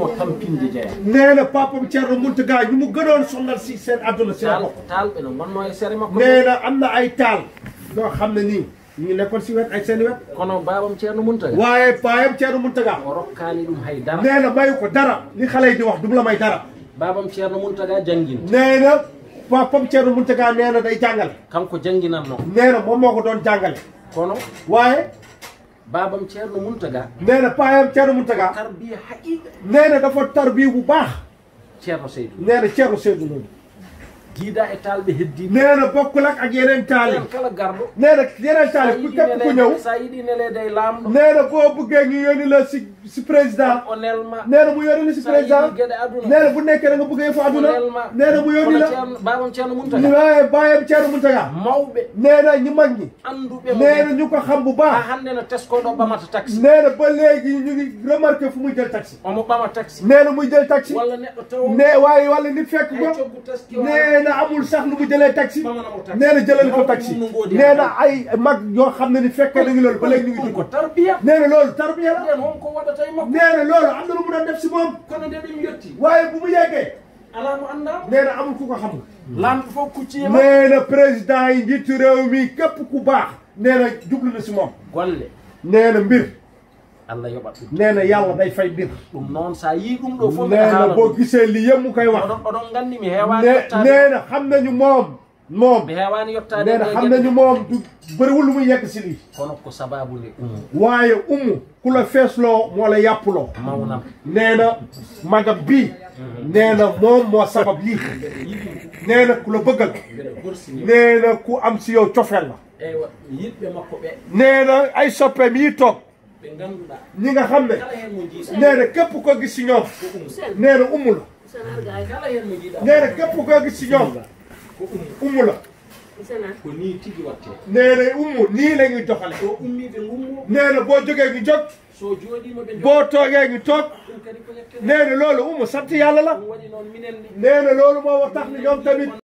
moo tampinde Jeya. nee na papaam Thierno Mountaga ñu mu gënoon sonal si seen adduna si la taal taal man mooy na am na ay taal. loo xam ne nii. ñu ngi nekkoon si wet ay seen wet. kono baabam Thierno Mountaga. waaye baayam Thierno Mountaga. rokkaani dum hay na mayu ko dara. li xale yi wax du la may dara. baabam Thierno Mountaga jàngin. nee na papaam Thierno Mountaga nee na day jàngale. kanko jànginan noonu. nee na moom moo ko doon jàngale. kono waaye. baabam Thierno Mountaga. nee na paayam Thierno Mountaga. tarbiya haqiqa. nee na dafa tarbiya bu baax. Thierno Seydou nee na Thierno Seydou loolu. diida e taalɓe heddi nee na bokkul ak ak yeneen sa yiɗi neleede e boo buggee ñu yónni la président o nelma mu yónni la si président geɗe aduna nee na bu nekkee da nga bëgg yëfu aduna nelma mu yónni la waaye baayam ceerno muntaga mawɓe nee ñi anduɓe nee na ñu ko xam bu baax ah, hannde no ba léegi ñu ngi remarqué fu muy jël taxi omo ɓama taxi na amul sax lu mu jëlee taxi nee na jëlal ko taxi nee na ay mag yoo xam ne ni fekkee nañu loolu ba léegi ñu ngi dugg nee na loolu tarbiya la nee na loolu am na lu mu doon def si moom waaye bu mu yeggee nee na amul ku ko xam nee na président yi njiitu réew mi képp ku baax nee na jublu na si moom nee na mbir yàlla yobat nee na yàlla day fay bir ɗum noon so a yii do ɗo fof nee na boo gisee li yëpp mu koy wax oɗon nganndi mi heewaani yottaade nee na xam nañu moom moom mi heewaani yottaade nee na xam nañu moom du lu muy yegg si kono ko sababu ku la la mhm. ku la ku am yow la ay yi ñi nga xam ne nee na képp koo gis si ñoom nee na umu la nee na képp koo gis si ñoom umu la nee na umu nii la ñu doxale nee na boo jogee ñu jot boo toogee ñu toog nee na loolu umu sant yàlla la nee na loolu moo wax tax ni ñoom tamit